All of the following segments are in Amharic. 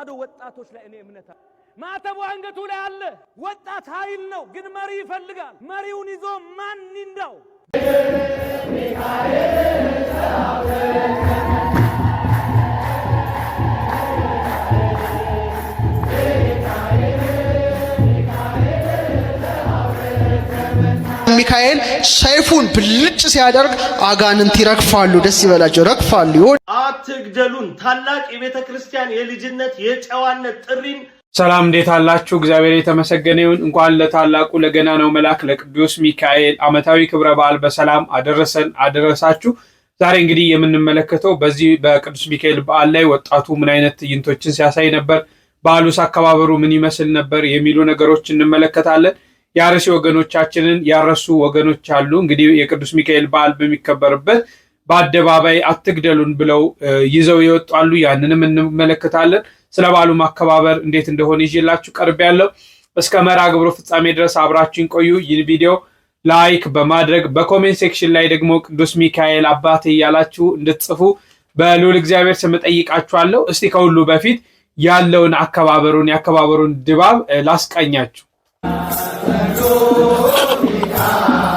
ተዋህዶ ወጣቶች ላይ እኔ እምነት አለ። ማተቡ አንገቱ ላይ አለ። ወጣት ኃይል ነው፣ ግን መሪ ይፈልጋል። መሪውን ይዞ ማን ይንዳው? ሚካኤል ሰይፉን ብልጭ ሲያደርግ አጋንንት ይረግፋሉ። ደስ ይበላቸው፣ ረግፋሉ። ይሆን አትግደሉን። ታላቅ የቤተ ክርስቲያን የልጅነት የጨዋነት ጥሪን ሰላም እንዴት አላችሁ? እግዚአብሔር የተመሰገነ ይሁን። እንኳን ለታላቁ ለገና ነው መልአክ ለቅዱስ ሚካኤል ዓመታዊ ክብረ በዓል በሰላም አደረሰን አደረሳችሁ። ዛሬ እንግዲህ የምንመለከተው በዚህ በቅዱስ ሚካኤል በዓል ላይ ወጣቱ ምን አይነት ትዕይንቶችን ሲያሳይ ነበር፣ በዓሉስ አከባበሩ ምን ይመስል ነበር የሚሉ ነገሮች እንመለከታለን። የአርሲ ወገኖቻችንን ያረሱ ወገኖች አሉ። እንግዲህ የቅዱስ ሚካኤል በዓል በሚከበርበት በአደባባይ አትግደሉን ብለው ይዘው ይወጣሉ። ያንንም እንመለከታለን። ስለ በዓሉ ማከባበር እንዴት እንደሆነ ይዤላችሁ ቀርብ ያለው እስከ መርሃ ግብሩ ፍጻሜ ድረስ አብራችሁን ቆዩ። ይህ ቪዲዮ ላይክ በማድረግ በኮሜንት ሴክሽን ላይ ደግሞ ቅዱስ ሚካኤል አባቴ እያላችሁ እንድትጽፉ በልዑል እግዚአብሔር ስም ጠይቃችኋለሁ። እስቲ ከሁሉ በፊት ያለውን አከባበሩን የአከባበሩን ድባብ ላስቃኛችሁ። yeah.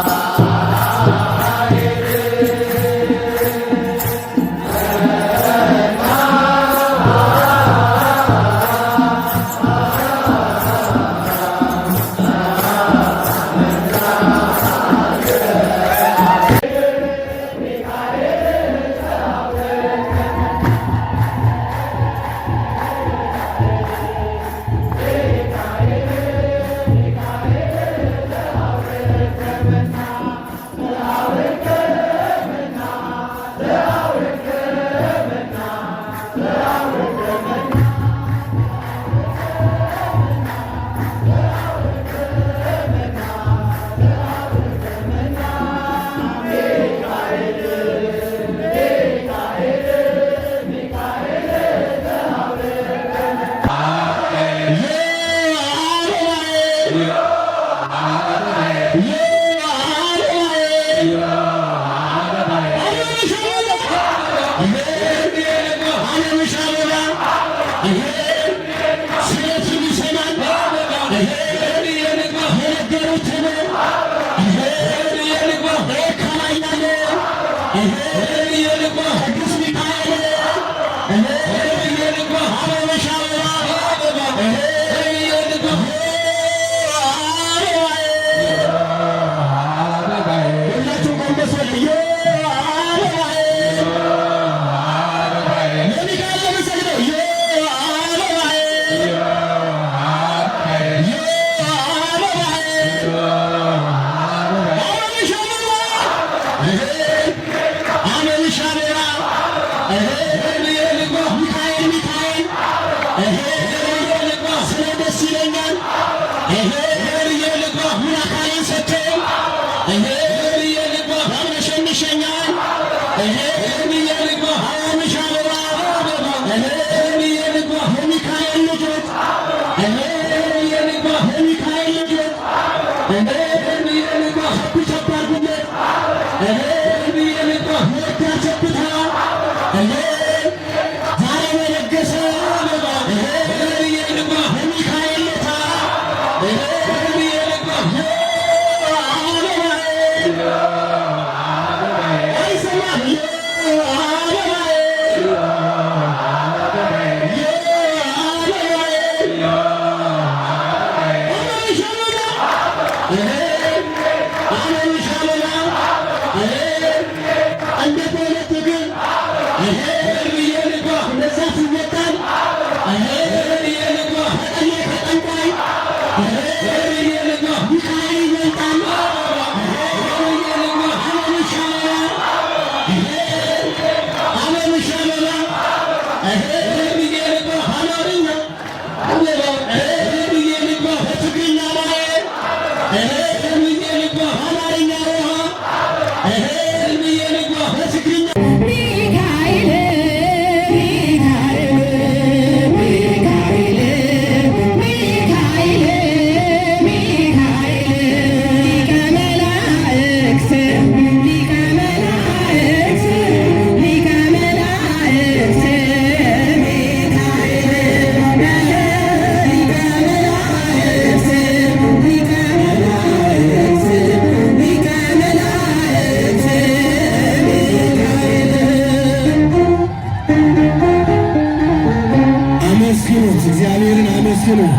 ነው።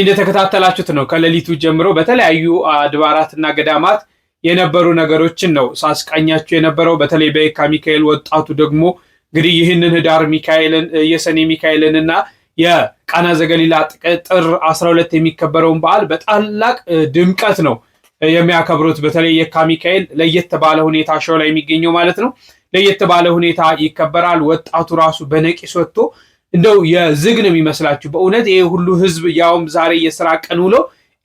እንደተከታተላችሁት ነው። ከሌሊቱ ጀምሮ በተለያዩ አድባራትና ገዳማት የነበሩ ነገሮችን ነው ሳስቃኛችሁ የነበረው። በተለይ በየካ ሚካኤል ወጣቱ ደግሞ እንግዲህ ይህንን ህዳር ሚካኤልን የሰኔ ሚካኤልንና የቃና ዘገሊላ ጥር 12 የሚከበረውን በዓል በታላቅ ድምቀት ነው የሚያከብሩት። በተለይ የካ ሚካኤል ለየት ባለ ሁኔታ ሾላ የሚገኘው ማለት ነው ለየት ባለ ሁኔታ ይከበራል። ወጣቱ ራሱ በነቂስ ወጥቶ እንደው የዝግ ነው የሚመስላችሁ በእውነት ይሄ ሁሉ ህዝብ ያውም ዛሬ የስራ ቀን ውሎ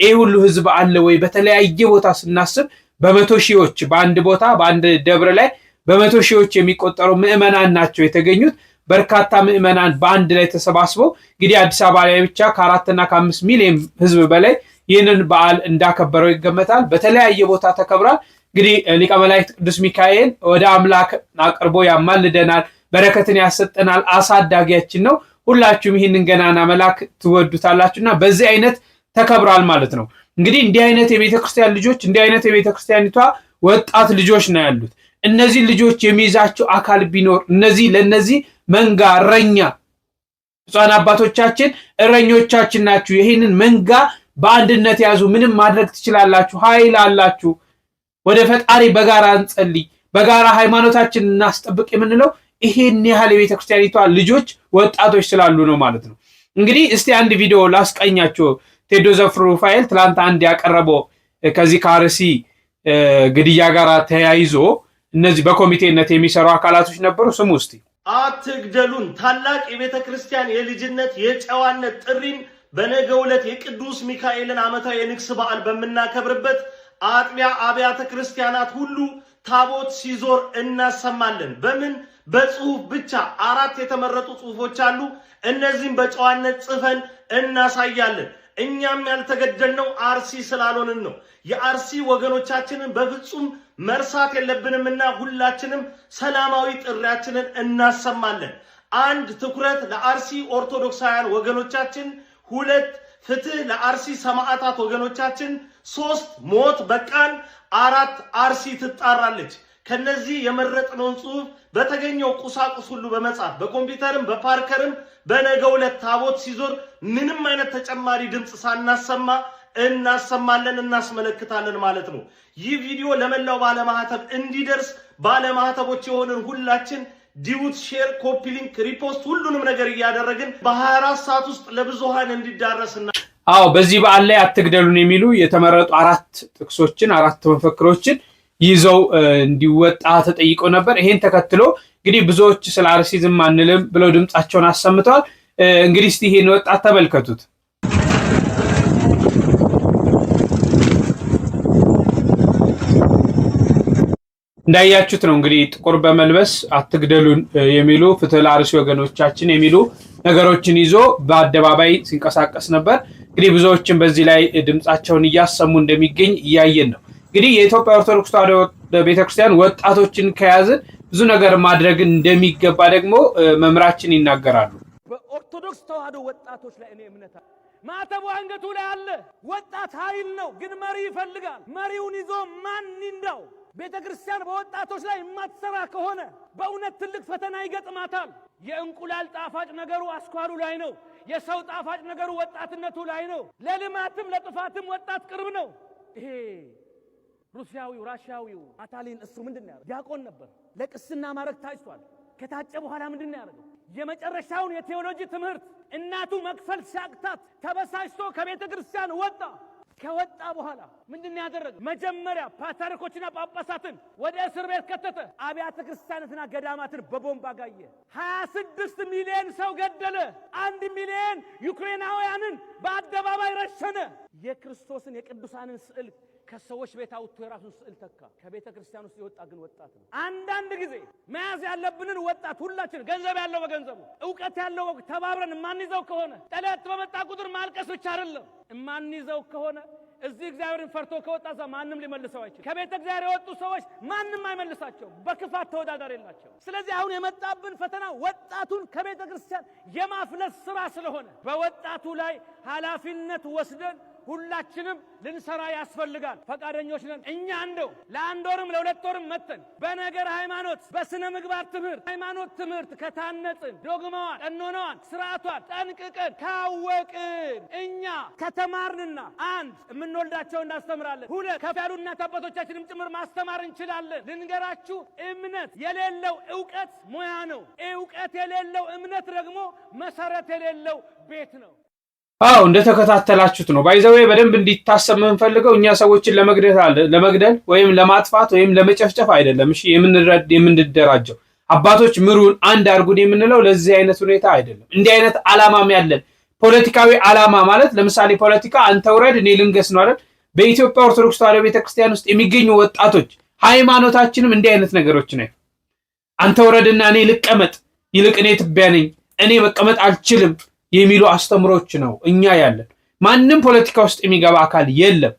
ይሄ ሁሉ ህዝብ አለ ወይ? በተለያየ ቦታ ስናስብ በመቶ ሺዎች በአንድ ቦታ በአንድ ደብር ላይ በመቶ ሺዎች የሚቆጠሩ ምዕመናን ናቸው የተገኙት። በርካታ ምዕመናን በአንድ ላይ ተሰባስበው እንግዲህ አዲስ አበባ ላይ ብቻ ከአራትና ከአምስት ሚሊዮን ህዝብ በላይ ይህንን በዓል እንዳከበረው ይገመታል። በተለያየ ቦታ ተከብሯል። እንግዲህ ሊቀ መላእክት ቅዱስ ሚካኤል ወደ አምላክ አቅርቦ ያማልደናል በረከትን ያሰጠናል፣ አሳዳጊያችን ነው። ሁላችሁም ይህንን ገናና መልአክ ትወዱታላችሁና በዚህ አይነት ተከብሯል ማለት ነው። እንግዲህ እንዲህ አይነት የቤተክርስቲያን ልጆች እንዲህ አይነት የቤተክርስቲያኒቷ ወጣት ልጆች ነው ያሉት። እነዚህ ልጆች የሚይዛቸው አካል ቢኖር እነዚህ ለእነዚህ መንጋ እረኛ ብፁዓን አባቶቻችን እረኞቻችን ናችሁ። ይህንን መንጋ በአንድነት ያዙ። ምንም ማድረግ ትችላላችሁ፣ ኃይል አላችሁ። ወደ ፈጣሪ በጋራ እንጸልይ፣ በጋራ ሃይማኖታችን እናስጠብቅ የምንለው ይሄን ያህል የቤተ ክርስቲያኒቷ ልጆች ወጣቶች ስላሉ ነው ማለት ነው። እንግዲህ እስቲ አንድ ቪዲዮ ላስቀኛቸው። ቴዶ ዘፍሩ ፋይል ትላንት አንድ ያቀረበው ከዚህ ከአርሲ ግድያ ጋር ተያይዞ እነዚህ በኮሚቴነት የሚሰሩ አካላቶች ነበሩ። ስሙ እስቲ። አትግደሉን! ታላቅ የቤተ ክርስቲያን የልጅነት የጨዋነት ጥሪን በነገ ዕለት የቅዱስ ሚካኤልን ዓመታዊ የንግስ በዓል በምናከብርበት አጥቢያ አብያተ ክርስቲያናት ሁሉ ታቦት ሲዞር እናሰማለን። በምን በጽሁፍ ብቻ አራት የተመረጡ ጽሁፎች አሉ። እነዚህም በጨዋነት ጽፈን እናሳያለን። እኛም ያልተገደልነው አርሲ ስላልሆንን ነው። የአርሲ ወገኖቻችንን በፍጹም መርሳት የለብንምና ሁላችንም ሰላማዊ ጥሪያችንን እናሰማለን። አንድ ትኩረት ለአርሲ ኦርቶዶክሳውያን ወገኖቻችን፣ ሁለት ፍትህ ለአርሲ ሰማዕታት ወገኖቻችን፣ ሶስት ሞት በቃን፣ አራት አርሲ ትጣራለች። ከነዚህ የመረጥነውን ጽሁፍ በተገኘው ቁሳቁስ ሁሉ በመጻፍ በኮምፒውተርም በፓርከርም በነገ ሁለት ታቦት ሲዞር ምንም አይነት ተጨማሪ ድምፅ ሳናሰማ እናሰማለን እናስመለክታለን ማለት ነው። ይህ ቪዲዮ ለመላው ባለማህተብ እንዲደርስ ባለማህተቦች የሆንን ሁላችን ዲቡት ሼር፣ ኮፒ ሊንክ፣ ሪፖስት ሁሉንም ነገር እያደረግን በ24 ሰዓት ውስጥ ለብዙሀን እንዲዳረስና አዎ በዚህ በዓል ላይ አትግደሉን የሚሉ የተመረጡ አራት ጥቅሶችን አራት መፈክሮችን ይዘው እንዲወጣ ተጠይቆ ነበር። ይሄን ተከትሎ እንግዲህ ብዙዎች ስለ አርሲ ዝም አንልም ብለው ድምፃቸውን አሰምተዋል። እንግዲህ እስቲ ይሄን ወጣት ተመልከቱት። እንዳያችሁት ነው እንግዲህ ጥቁር በመልበስ አትግደሉን የሚሉ ፍትህ ለአርሲ ወገኖቻችን የሚሉ ነገሮችን ይዞ በአደባባይ ሲንቀሳቀስ ነበር። እንግዲህ ብዙዎችን በዚህ ላይ ድምፃቸውን እያሰሙ እንደሚገኝ እያየን ነው። እንግዲህ የኢትዮጵያ ኦርቶዶክስ ተዋሕዶ ቤተክርስቲያን ወጣቶችን ከያዝን ብዙ ነገር ማድረግ እንደሚገባ ደግሞ መምራችን ይናገራሉ። በኦርቶዶክስ ተዋሕዶ ወጣቶች ላይ እኔ እምነት ማተቡ አንገቱ ላይ አለ። ወጣት ኃይል ነው፣ ግን መሪ ይፈልጋል። መሪውን ይዞ ማን ይንዳው? ቤተ ክርስቲያን በወጣቶች ላይ የማትሰራ ከሆነ በእውነት ትልቅ ፈተና ይገጥማታል። የእንቁላል ጣፋጭ ነገሩ አስኳሉ ላይ ነው። የሰው ጣፋጭ ነገሩ ወጣትነቱ ላይ ነው። ለልማትም ለጥፋትም ወጣት ቅርብ ነው። ይሄ ሩሲያዊው ራሽያዊው አታሊን እሱ ምንድን ያደረገ ዲያቆን ነበር። ለቅስና ማድረግ ታጭቷል። ከታጨ በኋላ ምንድን ያደረገው? የመጨረሻውን የቴዎሎጂ ትምህርት እናቱ መክፈል ሲያቅታት ተበሳጭቶ ከቤተ ክርስቲያን ወጣ። ከወጣ በኋላ ምንድን ያደረገ? መጀመሪያ ፓትርያርኮችና ጳጳሳትን ወደ እስር ቤት ከተተ። አብያተ ክርስቲያናትና ገዳማትን በቦምብ አጋየ። 26 ሚሊዮን ሰው ገደለ። አንድ ሚሊዮን ዩክሬናውያንን በአደባባይ ረሸነ። የክርስቶስን የቅዱሳንን ስዕል ከሰዎች ቤት አውጥቶ የራሱን ስዕል ተካ። ከቤተ ክርስቲያን ውስጥ የወጣ ግን ወጣት ነው። አንዳንድ ጊዜ መያዝ ያለብንን ወጣት ሁላችን፣ ገንዘብ ያለው በገንዘቡ፣ እውቀት ያለው ተባብረን የማንይዘው ከሆነ ጠለት በመጣ ቁጥር ማልቀስ ብቻ አይደለም። የማንይዘው ከሆነ እዚህ እግዚአብሔርን ፈርቶ ከወጣ ዛ ማንም ሊመልሰው አይችል። ከቤተ እግዚአብሔር የወጡ ሰዎች ማንም አይመልሳቸው፣ በክፋት ተወዳዳሪ የላቸው። ስለዚህ አሁን የመጣብን ፈተና ወጣቱን ከቤተ ክርስቲያን የማፍለስ ስራ ስለሆነ በወጣቱ ላይ ኃላፊነት ወስደን ሁላችንም ልንሰራ ያስፈልጋል። ፈቃደኞች ነን። እኛ እንደው ለአንድ ወርም ለሁለት ወርም መተን በነገር ሃይማኖት፣ በስነ ምግባር ትምህርት፣ ሃይማኖት ትምህርት ከታነጽን፣ ዶግማዋን፣ ቀኖናዋን፣ ስርዓቷን ጠንቅቀን ካወቅን እኛ ከተማርንና አንድ የምንወልዳቸው እናስተምራለን፣ ሁለት ከፍ ያሉ እናት አባቶቻችንም ጭምር ማስተማር እንችላለን። ልንገራችሁ፣ እምነት የሌለው እውቀት ሙያ ነው። እውቀት የሌለው እምነት ደግሞ መሰረት የሌለው ቤት ነው። አዎ እንደተከታተላችሁት ነው። ባይዘዌ በደንብ እንዲታሰብ የምንፈልገው እኛ ሰዎችን ለመግደል ወይም ለማጥፋት ወይም ለመጨፍጨፍ አይደለም። እሺ የምንደራጀው አባቶች ምሩን አንድ አድርጉን የምንለው ለዚህ አይነት ሁኔታ አይደለም። እንዲህ አይነት አላማም ያለን ፖለቲካዊ አላማ ማለት ለምሳሌ ፖለቲካ አንተ ውረድ እኔ ልንገስ ነው አይደል? በኢትዮጵያ ኦርቶዶክስ ተዋሕዶ ቤተክርስቲያን ውስጥ የሚገኙ ወጣቶች ሃይማኖታችንም እንዲህ አይነት ነገሮች ነው። አንተ ውረድና እኔ ልቀመጥ፣ ይልቅ እኔ ትቢያ ነኝ፣ እኔ መቀመጥ አልችልም የሚሉ አስተምሮች ነው እኛ ያለን። ማንም ፖለቲካ ውስጥ የሚገባ አካል የለም።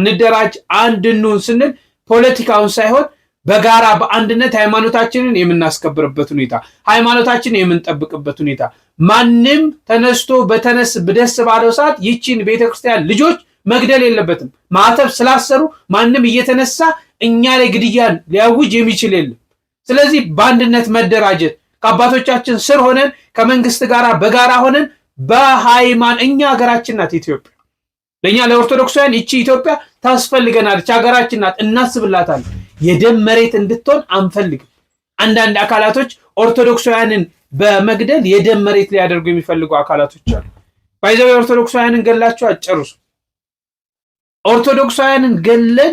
እንደራጅ፣ አንድ እንሁን ስንል ፖለቲካውን ሳይሆን በጋራ በአንድነት ሃይማኖታችንን የምናስከብርበት ሁኔታ፣ ሃይማኖታችንን የምንጠብቅበት ሁኔታ ማንም ተነስቶ በተነስ ብደስ ባለው ሰዓት ይቺን ቤተክርስቲያን ልጆች መግደል የለበትም። ማተብ ስላሰሩ ማንም እየተነሳ እኛ ላይ ግድያን ሊያውጅ የሚችል የለም። ስለዚህ በአንድነት መደራጀት ከአባቶቻችን ስር ሆነን ከመንግስት ጋር በጋራ ሆነን በሃይማን እኛ ሀገራችን ናት ኢትዮጵያ። ለእኛ ለኦርቶዶክሳውያን ይቺ ኢትዮጵያ ታስፈልገናለች። ሀገራችን ናት፣ እናስብላታለን። የደም መሬት እንድትሆን አንፈልግም። አንዳንድ አካላቶች ኦርቶዶክሳውያንን በመግደል የደም መሬት ሊያደርጉ የሚፈልጉ አካላቶች አሉ። ባይዘው የኦርቶዶክሳውያንን ገላቸው አጨርሱ። ኦርቶዶክሳውያንን ገለን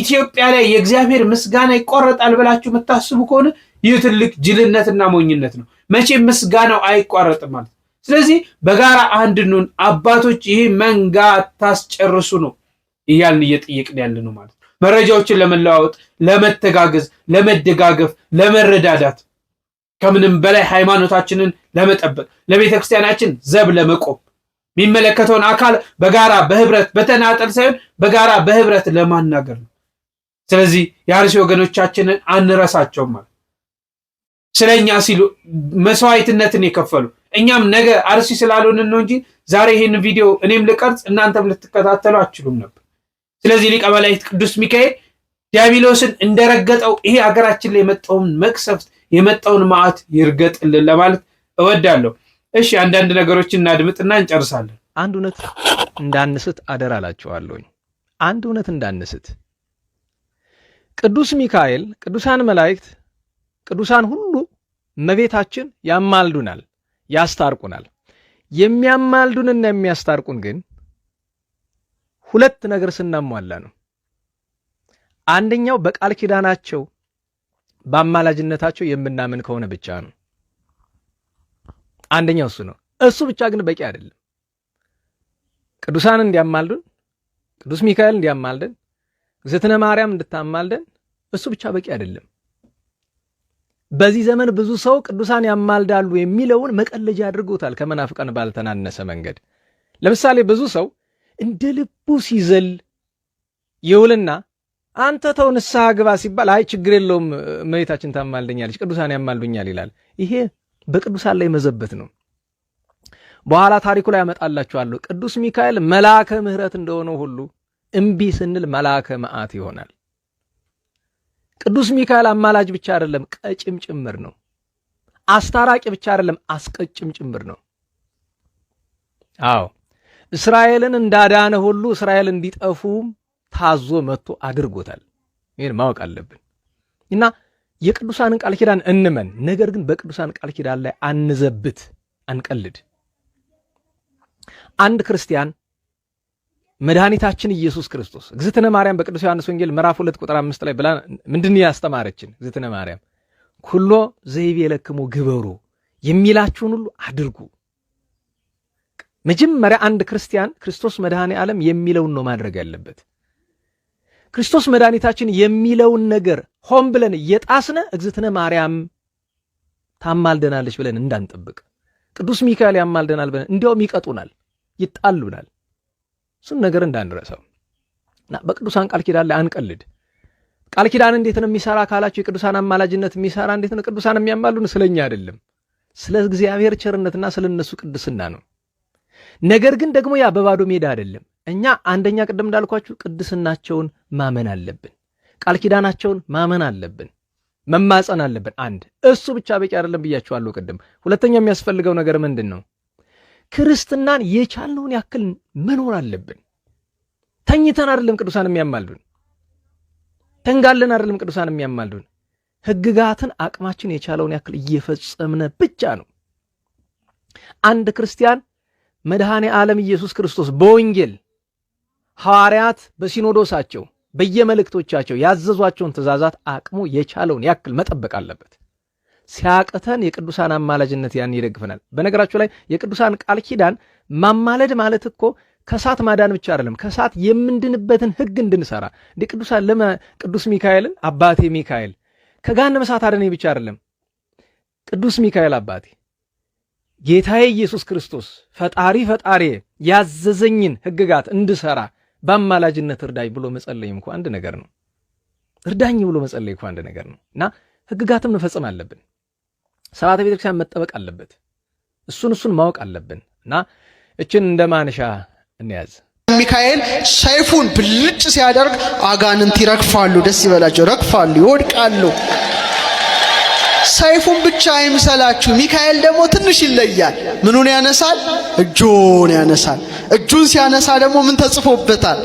ኢትዮጵያ ላይ የእግዚአብሔር ምስጋና ይቋረጣል ብላችሁ የምታስቡ ከሆነ ይህ ትልቅ ጅልነትና ሞኝነት ነው። መቼም ምስጋናው አይቋረጥም ማለት ነው። ስለዚህ በጋራ ኑን አባቶች፣ ይህ መንጋ አታስጨርሱ ነው እያልን እየጠየቅን ያለ ነው ማለት ነው። መረጃዎችን ለመለዋወጥ፣ ለመተጋገዝ፣ ለመደጋገፍ፣ ለመረዳዳት ከምንም በላይ ሃይማኖታችንን ለመጠበቅ ለቤተ ክርስቲያናችን ዘብ ለመቆም የሚመለከተውን አካል በጋራ በህብረት በተናጠል ሳይሆን በጋራ በህብረት ለማናገር ነው። ስለዚህ የአርሲ ወገኖቻችንን አንረሳቸውም ማለት ስለኛ ሲሉ መስዋዕትነትን የከፈሉ እኛም ነገ አርሲ ስላልሆንን ነው እንጂ ዛሬ ይህን ቪዲዮ እኔም ልቀርጽ እናንተም ልትከታተሉ አችሉም ነበር። ስለዚህ ሊቀ መላእክት ቅዱስ ሚካኤል ዲያብሎስን እንደረገጠው ይሄ ሀገራችን ላይ የመጣውን መቅሰፍት የመጣውን መዓት ይርገጥልን ለማለት እወዳለሁ። እሺ አንዳንድ ነገሮችን እናድምጥና እንጨርሳለን። አንድ እውነት እንዳንስት አደራ አላችኋለሁኝ። አንድ እውነት እንዳንስት ቅዱስ ሚካኤል፣ ቅዱሳን መላእክት፣ ቅዱሳን ሁሉ እመቤታችን ያማልዱናል። ያስታርቁናል። የሚያማልዱንና የሚያስታርቁን ግን ሁለት ነገር ስናሟላ ነው። አንደኛው በቃል ኪዳናቸው በአማላጅነታቸው የምናምን ከሆነ ብቻ ነው። አንደኛው እሱ ነው። እሱ ብቻ ግን በቂ አይደለም። ቅዱሳን እንዲያማልዱን፣ ቅዱስ ሚካኤል እንዲያማልደን፣ እግዝእትነ ማርያም እንድታማልደን እሱ ብቻ በቂ አይደለም። በዚህ ዘመን ብዙ ሰው ቅዱሳን ያማልዳሉ የሚለውን መቀለጃ አድርጎታል፣ ከመናፍቀን ባልተናነሰ መንገድ። ለምሳሌ ብዙ ሰው እንደ ልቡ ሲዘል ይውልና አንተ ተው ንስሐ ግባ ሲባል አይ ችግር የለውም መሬታችን ታማልደኛለች፣ ቅዱሳን ያማልዱኛል ይላል። ይሄ በቅዱሳን ላይ መዘበት ነው። በኋላ ታሪኩ ላይ ያመጣላችኋለሁ። ቅዱስ ሚካኤል መልአከ ምሕረት እንደሆነው ሁሉ እምቢ ስንል መልአከ መዓት ይሆናል። ቅዱስ ሚካኤል አማላጅ ብቻ አይደለም፣ ቀጭም ጭምር ነው። አስታራቂ ብቻ አይደለም፣ አስቀጭም ጭምር ነው። አዎ እስራኤልን እንዳዳነ ሁሉ እስራኤል እንዲጠፉም ታዞ መጥቶ አድርጎታል። ይህን ማወቅ አለብን እና የቅዱሳንን ቃል ኪዳን እንመን። ነገር ግን በቅዱሳን ቃል ኪዳን ላይ አንዘብት፣ አንቀልድ። አንድ ክርስቲያን መድኃኒታችን ኢየሱስ ክርስቶስ እግዝእትነ ማርያም በቅዱስ ዮሐንስ ወንጌል ምዕራፍ ሁለት ቁጥር አምስት ላይ ብላ ምንድን ያስተማረችን እግዝእትነ ማርያም ኩሎ ዘይቤ የለክሙ ግበሩ የሚላችሁን ሁሉ አድርጉ። መጀመሪያ አንድ ክርስቲያን ክርስቶስ መድኃኔ ዓለም የሚለውን ነው ማድረግ ያለበት። ክርስቶስ መድኃኒታችን የሚለውን ነገር ሆን ብለን እየጣስነ እግዝእትነ ማርያም ታማልደናለች ብለን እንዳንጠብቅ፣ ቅዱስ ሚካኤል ያማልደናል ብለን እንዲያውም ይቀጡናል፣ ይጣሉናል። እሱን ነገር እንዳንረሰው እና በቅዱሳን ቃል ኪዳን ላይ አንቀልድ። ቃል ኪዳን እንዴት ነው የሚሰራ ካላችሁ የቅዱሳን አማላጅነት የሚሰራ እንዴት ነው? ቅዱሳን የሚያማሉን ስለኛ አይደለም፣ ስለ እግዚአብሔር ቸርነትና ስለ እነሱ ቅድስና ነው። ነገር ግን ደግሞ ያ በባዶ ሜዳ አይደለም። እኛ አንደኛ ቅድም እንዳልኳችሁ ቅድስናቸውን ማመን አለብን። ቃል ኪዳናቸውን ማመን አለብን። መማፀን አለብን። አንድ እሱ ብቻ በቂ አይደለም ብያችኋለሁ ቅድም። ሁለተኛ የሚያስፈልገው ነገር ምንድን ነው? ክርስትናን የቻልነውን ያክል መኖር አለብን። ተኝተን አይደለም ቅዱሳን የሚያማልዱን፣ ተንጋለን አይደለም ቅዱሳን የሚያማልዱን። ሕግጋትን አቅማችን የቻለውን ያክል እየፈጸምነ ብቻ ነው። አንድ ክርስቲያን መድኃኔ ዓለም ኢየሱስ ክርስቶስ በወንጌል ሐዋርያት በሲኖዶሳቸው በየመልእክቶቻቸው ያዘዟቸውን ትእዛዛት አቅሙ የቻለውን ያክል መጠበቅ አለበት። ሲያቅተን የቅዱሳን አማላጅነት ያን ይደግፈናል። በነገራችሁ ላይ የቅዱሳን ቃል ኪዳን ማማለድ ማለት እኮ ከእሳት ማዳን ብቻ አይደለም፣ ከእሳት የምንድንበትን ህግ እንድንሰራ እንደ ቅዱሳን ለመ ቅዱስ ሚካኤልን አባቴ ሚካኤል ከገሃነመ እሳት አድነኝ ብቻ አይደለም፣ ቅዱስ ሚካኤል አባቴ ጌታዬ ኢየሱስ ክርስቶስ ፈጣሪ ፈጣሪ ያዘዘኝን ህግጋት እንድሰራ በአማላጅነት እርዳኝ ብሎ መጸለይ እንኳ አንድ ነገር ነው። እርዳኝ ብሎ መጸለይ እንኳ አንድ ነገር ነው እና ህግጋትም መፈጸም አለብን። ስርዓተ ቤተክርስቲያን መጠበቅ አለበት። እሱን እሱን ማወቅ አለብን እና እችን እንደ ማንሻ እንያዝ። ሚካኤል ሰይፉን ብልጭ ሲያደርግ አጋንንት ይረግፋሉ፣ ደስ ይበላቸው፣ ረግፋሉ፣ ይወድቃሉ። ሰይፉን ብቻ አይምሰላችሁ። ሚካኤል ደግሞ ትንሽ ይለያል። ምኑን ያነሳል? እጁን ያነሳል። እጁን ሲያነሳ ደግሞ ምን ተጽፎበታል?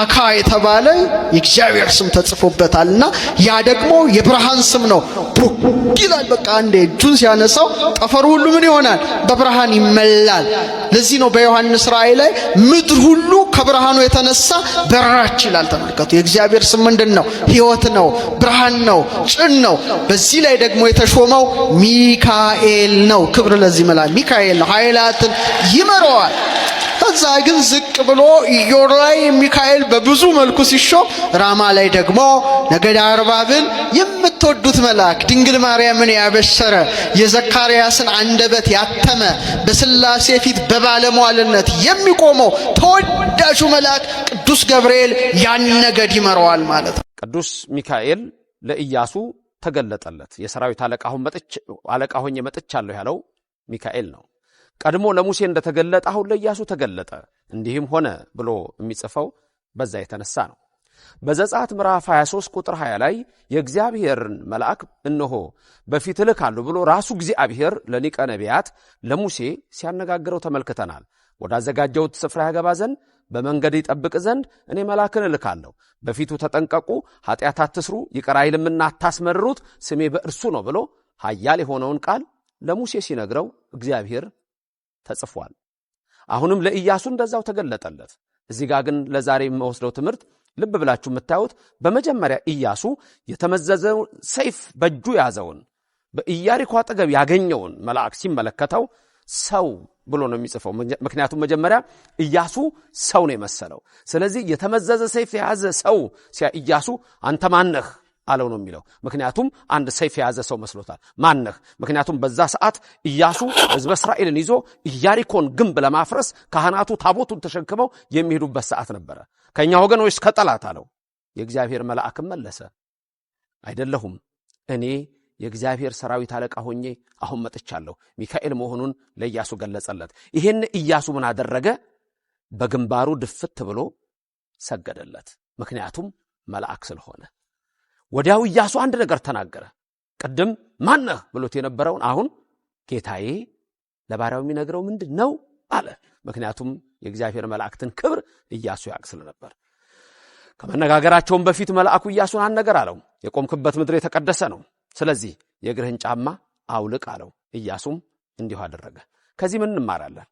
አካ የተባለ የእግዚአብሔር ስም ተጽፎበታል እና ያ ደግሞ የብርሃን ስም ነው። ቡክ ይላል። በቃ አንዴ እጁን ሲያነሳው ጠፈሩ ሁሉ ምን ይሆናል? በብርሃን ይመላል። ለዚህ ነው በዮሐንስ ራእይ ላይ ምድር ሁሉ ከብርሃኑ የተነሳ በራች ይላል። ተመልከቱ። የእግዚአብሔር ስም ምንድን ነው? ነው፣ ብርሃን ነው፣ ጭን ነው። በዚህ ላይ ደግሞ የተሾመው ሚካኤል ነው። ክብር ለዚህ መላ ሚካኤል ነው። ኃይላትን ይመራዋል። ከዛ ግን ዝቅ ብሎ ኢዮር ላይ ሚካኤል በብዙ መልኩ ሲሾም፣ ራማ ላይ ደግሞ ነገድ አርባብን የምትወዱት መልአክ ድንግል ማርያምን ያበሰረ የዘካርያስን አንደበት ያተመ በስላሴ ፊት በባለሟልነት የሚቆመው ተወዳጁ መልአክ ቅዱስ ገብርኤል ያን ነገድ ይመራዋል ማለት ነው። ቅዱስ ሚካኤል ለኢያሱ ተገለጠለት። የሰራዊት አለቃ ሆኜ መጥቻለሁ ያለው ሚካኤል ነው። ቀድሞ ለሙሴ እንደተገለጠ አሁን ለኢያሱ ተገለጠ፣ እንዲህም ሆነ ብሎ የሚጽፈው በዛ የተነሳ ነው። በዘጸአት ምዕራፍ 23 ቁጥር 20 ላይ የእግዚአብሔርን መልአክ እነሆ በፊት እልካለሁ ብሎ ራሱ እግዚአብሔር ለሊቀ ነቢያት ለሙሴ ሲያነጋግረው ተመልክተናል። ወዳዘጋጀሁት ስፍራ ያገባ ዘንድ በመንገድ ይጠብቅ ዘንድ እኔ መልአክን እልካለሁ፣ በፊቱ ተጠንቀቁ፣ ኃጢአት አትስሩ፣ ይቅር አይልምና አታስመርሩት፣ ስሜ በእርሱ ነው ብሎ ኃያል የሆነውን ቃል ለሙሴ ሲነግረው እግዚአብሔር ተጽፏል። አሁንም ለኢያሱ እንደዛው ተገለጠለት። እዚህ ጋር ግን ለዛሬ የምወስደው ትምህርት ልብ ብላችሁ የምታዩት በመጀመሪያ ኢያሱ የተመዘዘውን ሰይፍ በእጁ ያዘውን በኢያሪኮ አጠገብ ያገኘውን መልአክ ሲመለከተው ሰው ብሎ ነው የሚጽፈው። ምክንያቱም መጀመሪያ እያሱ ሰው ነው የመሰለው። ስለዚህ የተመዘዘ ሰይፍ የያዘ ሰው ሲያ እያሱ አንተ ማነህ አለው ነው የሚለው። ምክንያቱም አንድ ሰይፍ የያዘ ሰው መስሎታል። ማነህ? ምክንያቱም በዛ ሰዓት እያሱ ህዝበ እስራኤልን ይዞ ኢያሪኮን ግንብ ለማፍረስ ካህናቱ ታቦቱን ተሸክመው የሚሄዱበት ሰዓት ነበረ። ከእኛ ወገን ወይስ ከጠላት አለው። የእግዚአብሔር መልአክም መለሰ አይደለሁም እኔ የእግዚአብሔር ሰራዊት አለቃ ሆኜ አሁን መጥቻለሁ ሚካኤል መሆኑን ለኢያሱ ገለጸለት። ይህን ኢያሱ ምን አደረገ? በግንባሩ ድፍት ብሎ ሰገደለት። ምክንያቱም መልአክ ስለሆነ። ወዲያው ኢያሱ አንድ ነገር ተናገረ። ቅድም ማነህ ብሎት የነበረውን አሁን ጌታዬ ለባሪያው የሚነግረው ምንድን ነው አለ። ምክንያቱም የእግዚአብሔር መላእክትን ክብር ኢያሱ ያውቅ ስለነበር። ከመነጋገራቸውም በፊት መልአኩ ኢያሱን አንድ ነገር አለው። የቆምክበት ምድር የተቀደሰ ነው ስለዚህ የእግርህን ጫማ አውልቅ አለው። ኢያሱም እንዲሁ አደረገ። ከዚህ ምን እንማራለን?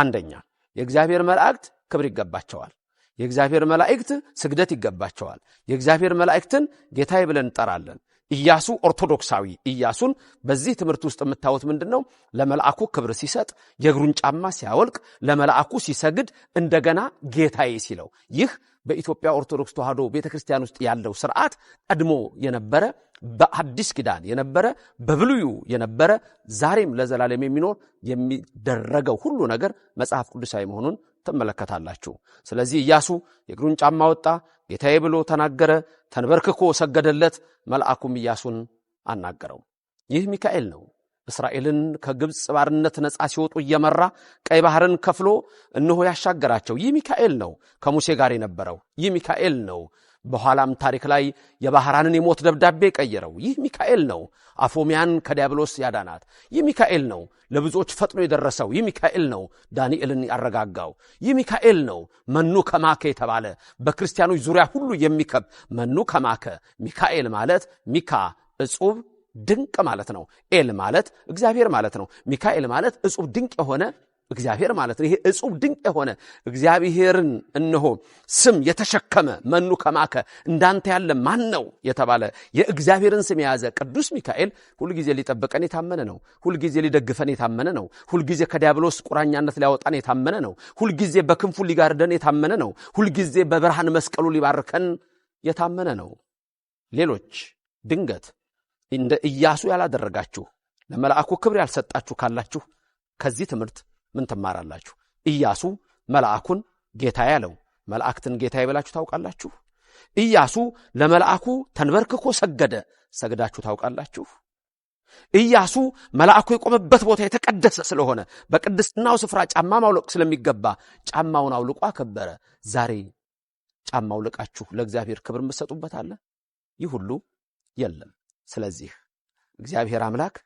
አንደኛ የእግዚአብሔር መላእክት ክብር ይገባቸዋል። የእግዚአብሔር መላእክት ስግደት ይገባቸዋል። የእግዚአብሔር መላእክትን ጌታዬ ብለን እንጠራለን። ኢያሱ ኦርቶዶክሳዊ ኢያሱን በዚህ ትምህርት ውስጥ የምታዩት ምንድን ነው? ለመልአኩ ክብር ሲሰጥ፣ የእግሩን ጫማ ሲያወልቅ፣ ለመልአኩ ሲሰግድ፣ እንደገና ጌታዬ ሲለው ይህ በኢትዮጵያ ኦርቶዶክስ ተዋሕዶ ቤተ ክርስቲያን ውስጥ ያለው ስርዓት ቀድሞ የነበረ በአዲስ ኪዳን የነበረ በብሉዩ የነበረ ዛሬም ለዘላለም የሚኖር የሚደረገው ሁሉ ነገር መጽሐፍ ቅዱሳዊ መሆኑን ትመለከታላችሁ። ስለዚህ ኢያሱ የእግሩን ጫማ ወጣ፣ ጌታዬ ብሎ ተናገረ፣ ተንበርክኮ ሰገደለት። መልአኩም ኢያሱን አናገረው። ይህ ሚካኤል ነው። እስራኤልን ከግብፅ ባርነት ነፃ ሲወጡ እየመራ ቀይ ባህርን ከፍሎ እነሆ ያሻገራቸው ይህ ሚካኤል ነው። ከሙሴ ጋር የነበረው ይህ ሚካኤል ነው። በኋላም ታሪክ ላይ የባህራንን የሞት ደብዳቤ ቀየረው። ይህ ሚካኤል ነው፣ አፎሚያን ከዲያብሎስ ያዳናት። ይህ ሚካኤል ነው፣ ለብዙዎች ፈጥኖ የደረሰው። ይህ ሚካኤል ነው፣ ዳንኤልን ያረጋጋው። ይህ ሚካኤል ነው፣ መኑ ከማከ የተባለ በክርስቲያኖች ዙሪያ ሁሉ የሚከብ መኑ ከማከ። ሚካኤል ማለት ሚካ እጹብ ድንቅ ማለት ነው። ኤል ማለት እግዚአብሔር ማለት ነው። ሚካኤል ማለት እጹብ ድንቅ የሆነ እግዚአብሔር ማለት ነው። ይሄ እጹብ ድንቅ የሆነ እግዚአብሔርን እነሆ ስም የተሸከመ መኑ ከማከ እንዳንተ ያለ ማን ነው የተባለ የእግዚአብሔርን ስም የያዘ ቅዱስ ሚካኤል ሁልጊዜ ሊጠብቀን የታመነ ነው። ሁልጊዜ ሊደግፈን የታመነ ነው። ሁልጊዜ ከዲያብሎስ ቁራኛነት ሊያወጣን የታመነ ነው። ሁልጊዜ በክንፉ ሊጋርደን የታመነ ነው። ሁልጊዜ በብርሃን መስቀሉ ሊባርከን የታመነ ነው። ሌሎች ድንገት እንደ ኢያሱ ያላደረጋችሁ ለመልአኩ ክብር ያልሰጣችሁ ካላችሁ ከዚህ ትምህርት ምን ትማራላችሁ? ኢያሱ መልአኩን ጌታ ያለው መላእክትን ጌታ ብላችሁ ታውቃላችሁ? ኢያሱ ለመልአኩ ተንበርክኮ ሰገደ። ሰግዳችሁ ታውቃላችሁ? ኢያሱ መልአኩ የቆመበት ቦታ የተቀደሰ ስለሆነ በቅድስናው ስፍራ ጫማ ማውለቅ ስለሚገባ ጫማውን አውልቆ አከበረ። ዛሬ ጫማ አውልቃችሁ ለእግዚአብሔር ክብር የምትሰጡበት አለ? ይህ ሁሉ የለም። ስለዚህ እግዚአብሔር አምላክ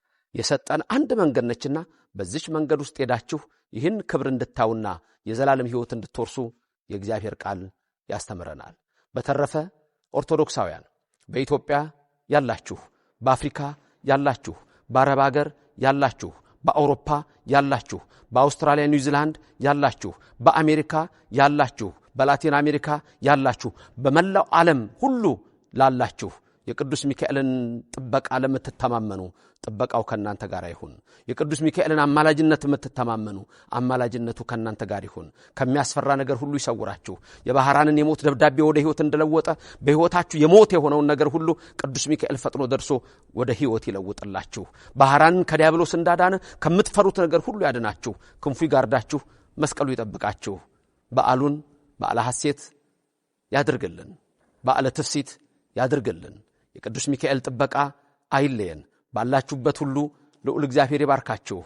የሰጠን አንድ መንገድ ነችና በዚች መንገድ ውስጥ ሄዳችሁ ይህን ክብር እንድታዩና የዘላለም ሕይወት እንድትወርሱ የእግዚአብሔር ቃል ያስተምረናል። በተረፈ ኦርቶዶክሳውያን በኢትዮጵያ ያላችሁ፣ በአፍሪካ ያላችሁ፣ በአረብ አገር ያላችሁ፣ በአውሮፓ ያላችሁ፣ በአውስትራሊያ ኒውዚላንድ ያላችሁ፣ በአሜሪካ ያላችሁ፣ በላቲን አሜሪካ ያላችሁ፣ በመላው ዓለም ሁሉ ላላችሁ የቅዱስ ሚካኤልን ጥበቃ ለምትተማመኑ ጥበቃው ከእናንተ ጋር ይሁን። የቅዱስ ሚካኤልን አማላጅነት የምትተማመኑ አማላጅነቱ ከእናንተ ጋር ይሁን። ከሚያስፈራ ነገር ሁሉ ይሰውራችሁ። የባህራንን የሞት ደብዳቤ ወደ ሕይወት እንደለወጠ በሕይወታችሁ የሞት የሆነውን ነገር ሁሉ ቅዱስ ሚካኤል ፈጥኖ ደርሶ ወደ ሕይወት ይለውጥላችሁ። ባህራንን ከዲያብሎስ እንዳዳነ ከምትፈሩት ነገር ሁሉ ያድናችሁ። ክንፉ ይጋርዳችሁ፣ መስቀሉ ይጠብቃችሁ። በዓሉን በዓለ ሐሴት ያድርግልን። በዓለ ትፍሲት ያድርግልን። የቅዱስ ሚካኤል ጥበቃ አይለየን። ባላችሁበት ሁሉ ልዑል እግዚአብሔር ይባርካችሁ።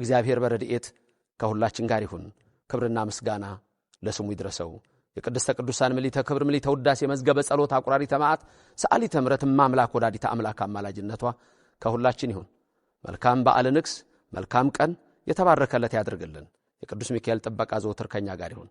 እግዚአብሔር በረድኤት ከሁላችን ጋር ይሁን። ክብርና ምስጋና ለስሙ ይድረሰው። የቅድስተ ቅዱሳን ምሊተ ክብር ምሊተ ውዳሴ መዝገበ ጸሎት አቁራሪ ተማዓት ሰአሊ ተምረት ማምላክ ወዳዲታ አምላክ አማላጅነቷ ከሁላችን ይሁን። መልካም በዓለ ንግሥ፣ መልካም ቀን፣ የተባረከለት ያድርግልን። የቅዱስ ሚካኤል ጥበቃ ዘወትር ከእኛ ጋር ይሁን።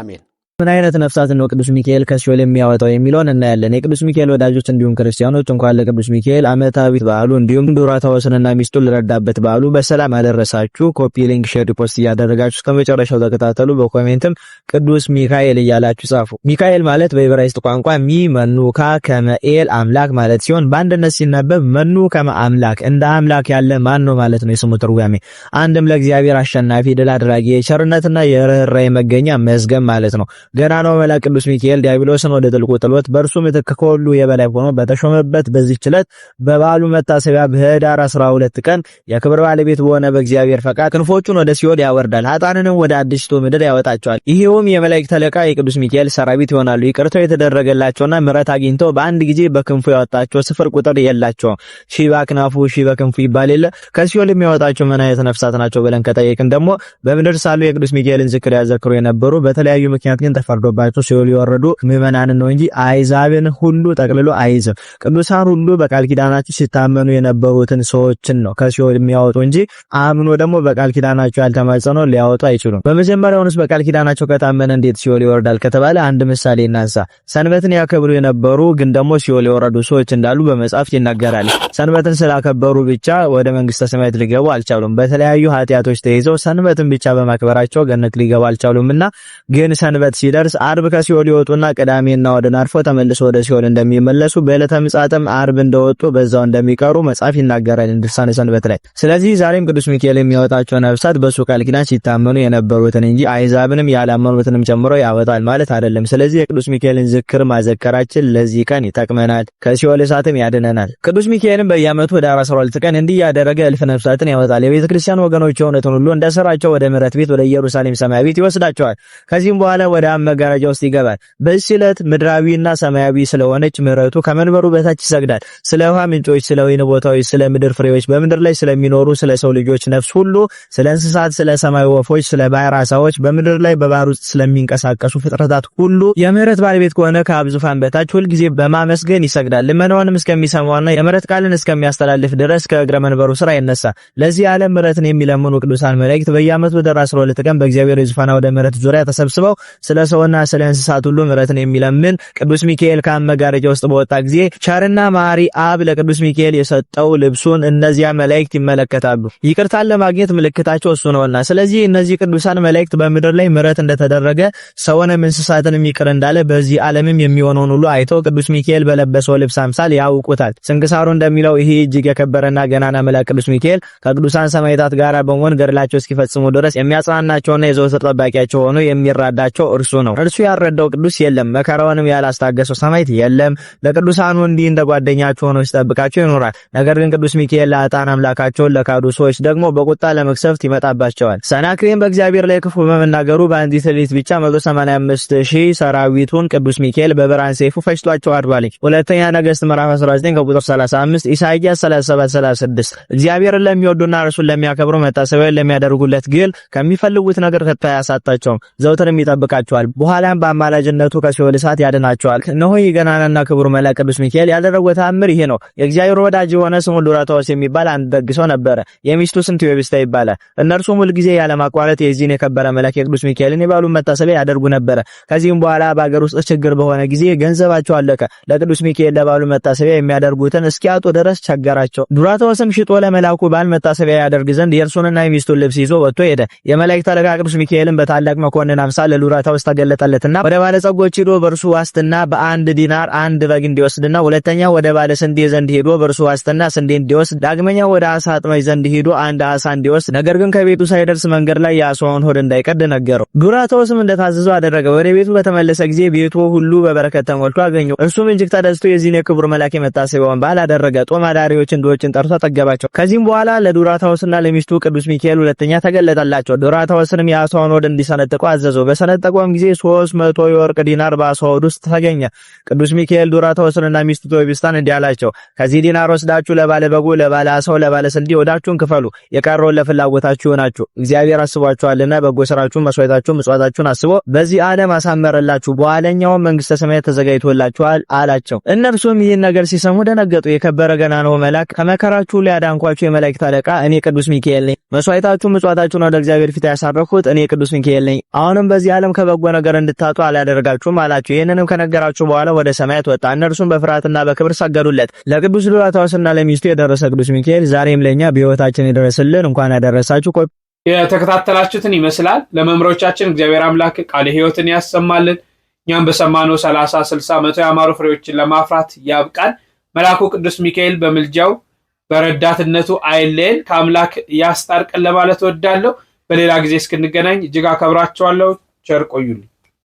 አሜን። ምን አይነት ነፍሳት ነው ቅዱስ ሚካኤል ከሲኦል የሚያወጣው የሚለውን እናያለን። የቅዱስ ሚካኤል ወዳጆች እንዲሁም ክርስቲያኖች እንኳን ለቅዱስ ሚካኤል ዓመታዊ በዓሉ እንዲሁም ዱራታ ወሰንና ሚስቱን ልረዳበት በዓሉ በሰላም አደረሳችሁ። ኮፒ ሊንክ፣ ሼር፣ ፖስት እያደረጋችሁ እስከመጨረሻው ተከታተሉ። በኮሜንትም ቅዱስ ሚካኤል እያላችሁ ጻፉ። ሚካኤል ማለት በዕብራይስጥ ቋንቋ ሚ መኑካ ከመኤል አምላክ ማለት ሲሆን በአንድነት ሲነበብ መኑ ከመ አምላክ እንደ አምላክ ያለ ማን ነው ማለት ነው የስሙ ትርጓሜ። አንድም ለእግዚአብሔር አሸናፊ ድል አድራጊ የቸርነትና የርኅራኄ መገኛ መዝገብ ማለት ነው። ገና ነው መልአክ ቅዱስ ሚካኤል ዲያብሎስን ወደ ጥልቁ ጥሎት በእርሱ ምትክ ከሁሉ የበላይ ሆኖ በተሾመበት በዚህች ዕለት በበዓሉ መታሰቢያ በህዳር 12 ቀን የክብር ባለቤት በሆነ በእግዚአብሔር ፈቃድ ክንፎቹን ወደ ሲኦል ያወርዳል፣ ኃጥአንንም ወደ አዲስቱ ምድር ያወጣቸዋል። ይሄውም የመላእክት አለቃ የቅዱስ ሚካኤል ሰራዊት ይሆናሉ። ይቅርታው የተደረገላቸውና ምሕረት አግኝተው በአንድ ጊዜ በክንፉ ያወጣቸው ስፍር ቁጥር የላቸውም። ሺ በክናፉ ሺ በክንፉ ይባል የለ ከሲኦል የሚያወጣቸው ምን አይነት ነፍሳት ናቸው ብለን ከጠየቅን ደግሞ በምድር ሳሉ የቅዱስ ሚካኤልን ዝክር ያዘክሩ የነበሩ በተለያዩ ምክንያት ግን ተፈርዶባቸው ሲኦል የወረዱ ምመናን ነው እንጂ አይዛብን ሁሉ ጠቅልሎ አይዝም። ቅዱሳን ሁሉ በቃል ኪዳናቸው ሲታመኑ የነበሩትን ሰዎችን ነው ከሲኦል የሚያወጡ እንጂ አምኖ ደግሞ በቃል ኪዳናቸው ያልተማጸነው ሊያወጡ አይችሉም። በመጀመሪያውንስ በቃል ኪዳናቸው ከታመነ እንዴት ሲኦል ይወርዳል ከተባለ አንድ ምሳሌ እናንሳ። ሰንበትን ያከብሩ የነበሩ ግን ደግሞ ሲኦል የወረዱ ሰዎች እንዳሉ በመጽሐፍ ይናገራል። ሰንበትን ስላከበሩ ብቻ ወደ መንግስተ ሰማያት ሊገቡ አልቻሉም። በተለያዩ ኃጢአቶች ተይዘው ሰንበትን ብቻ በማክበራቸው ገነት ሊገቡ አልቻሉምና ግን ሰንበት ሲደርስ አርብ ከሲኦል ይወጡና ቅዳሜና ወደን አርፎ ተመልሶ ወደ ሲኦል እንደሚመለሱ በዕለተ ምጽአትም አርብ እንደወጡ በዛው እንደሚቀሩ መጽሐፍ ይናገራል ድርሳነ ሰንበት ላይ። ስለዚህ ዛሬም ቅዱስ ሚካኤል የሚያወጣቸው ነፍሳት በሱ ቃል ኪዳን ሲታመኑ የነበሩትን እንጂ አይዛብንም ያላመኑትንም ጨምሮ ያወጣል ማለት አይደለም። ስለዚህ የቅዱስ ሚካኤልን ዝክር ማዘከራችን ለዚህ ቀን ይጠቅመናል፣ ከሲኦል እሳትም ያድነናል። ቅዱስ ሚካኤልም በየዓመቱ ወደ 12 ቀን እንዲህ ያደረገ እልፍ ነፍሳትን ያወጣል። የቤተ ክርስቲያን ወገኖች የሆኑትን ሁሉ እንደ ስራቸው ወደ ምሕረት ቤት ወደ ኢየሩሳሌም ቤት ይወስዳቸዋል። ከዚህም በኋላ ወደ አብ መጋረጃ ውስጥ ይገባል። በዚህ ዕለት ምድራዊና ሰማያዊ ስለሆነች ምሕረቱ ከመንበሩ በታች ይሰግዳል። ስለ ውሃ ምንጮች፣ ስለ ወይን ቦታዎች፣ ስለ ምድር ፍሬዎች፣ በምድር ላይ ስለሚኖሩ ስለ ሰው ልጆች ነፍስ ሁሉ፣ ስለ እንስሳት፣ ስለ ሰማይ ወፎች፣ ስለ ባህር ዓሳዎች፣ በምድር ላይ በባህር ውስጥ ስለሚንቀሳቀሱ ፍጥረታት ሁሉ የምሕረት ባለቤት ከሆነ ከአብ ዙፋን በታች ሁልጊዜ በማመስገን ይሰግዳል። ልመናዋንም እስከሚሰማውና የምሕረት ቃልን እስከሚያስተላልፍ ድረስ ከእግረ መንበሩ ስራ ይነሳ። ለዚህ ዓለም ምሕረትን የሚለምኑ ቅዱሳን መላእክት በየዓመቱ በኅዳር 12 ቀን በእግዚአብሔር ዙፋን አውደ ምሕረት ዙሪያ ተሰብስበው ስለ ሰውና ስለ እንስሳት ሁሉ ምሕረትን የሚለምን ቅዱስ ሚካኤል ከአብ ውስጥ በወጣ ጊዜ ቸርና መሐሪ አብ ለቅዱስ ሚካኤል የሰጠው ልብሱን እነዚያ መላእክት ይመለከታሉ። ይቅርታን ለማግኘት ምልክታቸው እሱ ነውና፣ ስለዚህ እነዚህ ቅዱሳን መላእክት በምድር ላይ ምሕረት እንደተደረገ ሰውንም እንስሳትንም ይቅር እንዳለ በዚህ ዓለምም የሚሆነውን ሁሉ አይተው ቅዱስ ሚካኤል በለበሰው ልብስ አምሳል ያውቁታል። ስንክሳሩ እንደሚለው የሚለው ይህ እጅግ የከበረና ገናና መልአክ ቅዱስ ሚካኤል ከቅዱሳን ሰማዕታት ጋር በመሆን ገድላቸው እስኪፈጽሙ ድረስ የሚያጽናናቸውና የዘወትር ጠባቂያቸው ሆኖ የሚራዳቸው እርሱ ነው። እርሱ ያልረዳው ቅዱስ የለም፣ መከራውንም ያላስታገሰው ሰማዕት የለም። ለቅዱሳኑ እንዲህ እንደ ጓደኛቸው ሆኖ ሲጠብቃቸው ይኖራል። ነገር ግን ቅዱስ ሚካኤል ለአጣን አምላካቸውን ለካዱ ሰዎች ደግሞ በቁጣ ለመቅሰፍት ይመጣባቸዋል። ሰናክሬም በእግዚአብሔር ላይ ክፉ በመናገሩ በአንዲት ሌሊት ብቻ 185 ሺህ ሰራዊቱን ቅዱስ ሚካኤል በብርሃን ሰይፉ ፈጅቷቸው አድሯል። ሁለተኛ ነገሥት ምዕራፍ 19 ከቁጥር 35 ኢሳይያስ 37:36 እግዚአብሔርን ለሚወዱና እርሱን ለሚያከብሩ መታሰቢያ ለሚያደርጉለት ግል ከሚፈልጉት ነገር ተስፋ አያሳጣቸውም፣ ዘውትርም ይጠብቃቸዋል። በኋላም በአማላጅነቱ ከሲኦል እሳት ያድናቸዋል። እነሆ ገናናና ክቡር መልአክ ቅዱስ ሚካኤል ያደረገው ተአምር ይሄ ነው። የእግዚአብሔር ወዳጅ የሆነ ስሙ ዱራታዎስ የሚባል አንድ ደግ ሰው ነበረ። የሚስቱ ስንት የብስታ ይባላል። ሙሉ ሁልጊዜ ያለማቋረጥ የዚህን የከበረ መልአክ የቅዱስ ሚካኤልን የበዓሉን መታሰቢያ ያደርጉ ነበረ። ከዚህም በኋላ በአገር ውስጥ ችግር በሆነ ጊዜ ገንዘባቸው አለቀ። ለቅዱስ ሚካኤል ለባሉ መታሰቢያ የሚያደርጉትን እስኪያጡ ድረስ ቸገራቸው። ዱራታዎስም ሽጦ ለመላኩ ባል መታሰቢያ ያደርግ ዘንድ የእርሱንና የሚስቱን ልብስ ይዞ ወጥቶ ሄደ። የመላእክት አለቃ ቅዱስ ሚካኤልን በታላቅ መኮንን አምሳል ለዱራታዎስ ተገለጠለትና ወደ ባለጸጎች ሄዶ በእርሱ ዋስትና በአንድ ዲናር አንድ በግ እንዲወስድና ሁለተኛ ወደ ባለ ስንዴ ዘንድ ሄዶ በእርሱ ዋስትና ስንዴ እንዲወስድ፣ ዳግመኛ ወደ አሳ አጥማጅ ዘንድ ሄዶ አንድ አሳ እንዲወስድ፣ ነገር ግን ከቤቱ ሳይደርስ መንገድ ላይ የአሳውን ሆድ እንዳይቀድ ነገረው። ዱራታዎስም እንደታዘዘው አደረገ። ወደ ቤቱ በተመለሰ ጊዜ ቤቱ ሁሉ በበረከት ተሞልቶ አገኘው። እርሱም እጅግ ተደስቶ የዚህን የክቡር መልአክ የመታሰቢያውን በዓል አደረገ። ጦም አዳሪዎች እንዶችን ጠርቶ አጠገባቸው። ከዚህም በኋላ ለዱራታውስና ለሚስቱ ቅዱስ ሚካኤል ሁለተኛ ተገለጠላቸው። ዱራታውስንም የአሳውን ወደ እንዲሰነጥቁ አዘዘው። በሰነጠቀውም ጊዜ ሦስት መቶ የወርቅ ዲናር በአሳው ወድ ውስጥ ተገኘ። ቅዱስ ሚካኤል ዱራታውስንና ሚስቱ ቶቢስታን እንዲህ አላቸው፣ ከዚህ ዲናር ወስዳችሁ ለባለ በጉ፣ ለባለ አሳው፣ ለባለ ስልዲ ወዳችሁን ክፈሉ። የቀረውን ለፍላጎታችሁ ይሆናችሁ። እግዚአብሔር አስቧችኋልና በጎ ስራችሁን፣ መስዋዕታችሁን፣ ምጽዋታችሁን አስቦ በዚህ ዓለም አሳመረላችሁ። በኋለኛውም መንግስተ ሰማያት ተዘጋጅቶላችኋል አላቸው። እነርሱም ይህን ነገር ሲሰሙ ደነገጡ። የከበረ ገና ነው መልአክ ከመከራችሁ ላይ የመላእክት አለቃ እኔ ቅዱስ ሚካኤል ነኝ። መስዋዕታችሁን ምጽዋታችሁን ወደ እግዚአብሔር ፊት ያሳረኩት እኔ ቅዱስ ሚካኤል ነኝ። አሁንም በዚህ ዓለም ከበጎ ነገር እንድታጡ አላደረጋችሁም አላቸው። ይህንንም ከነገራችሁ በኋላ ወደ ሰማያት ወጣ። እነርሱም በፍርሃትና በክብር ሰገዱለት። ለቅዱስ ዱራታውስና ለሚስቱ የደረሰ ቅዱስ ሚካኤል ዛሬም ለእኛ በሕይወታችን የደረስልን እንኳን ያደረሳችሁ። የተከታተላችሁትን ይመስላል። ለመምህሮቻችን እግዚአብሔር አምላክ ቃለ ሕይወትን ያሰማልን። እኛም በሰማነው ሰላሳ ስልሳ መቶ የአማሩ ፍሬዎችን ለማፍራት ያብቃል። መልአኩ ቅዱስ ሚካኤል በምልጃው በረዳትነቱ አይለየን፣ ከአምላክ ያስታርቀን ለማለት ወዳለው በሌላ ጊዜ እስክንገናኝ እጅግ አከብራችኋለሁ። ቸር ቆዩልኝ።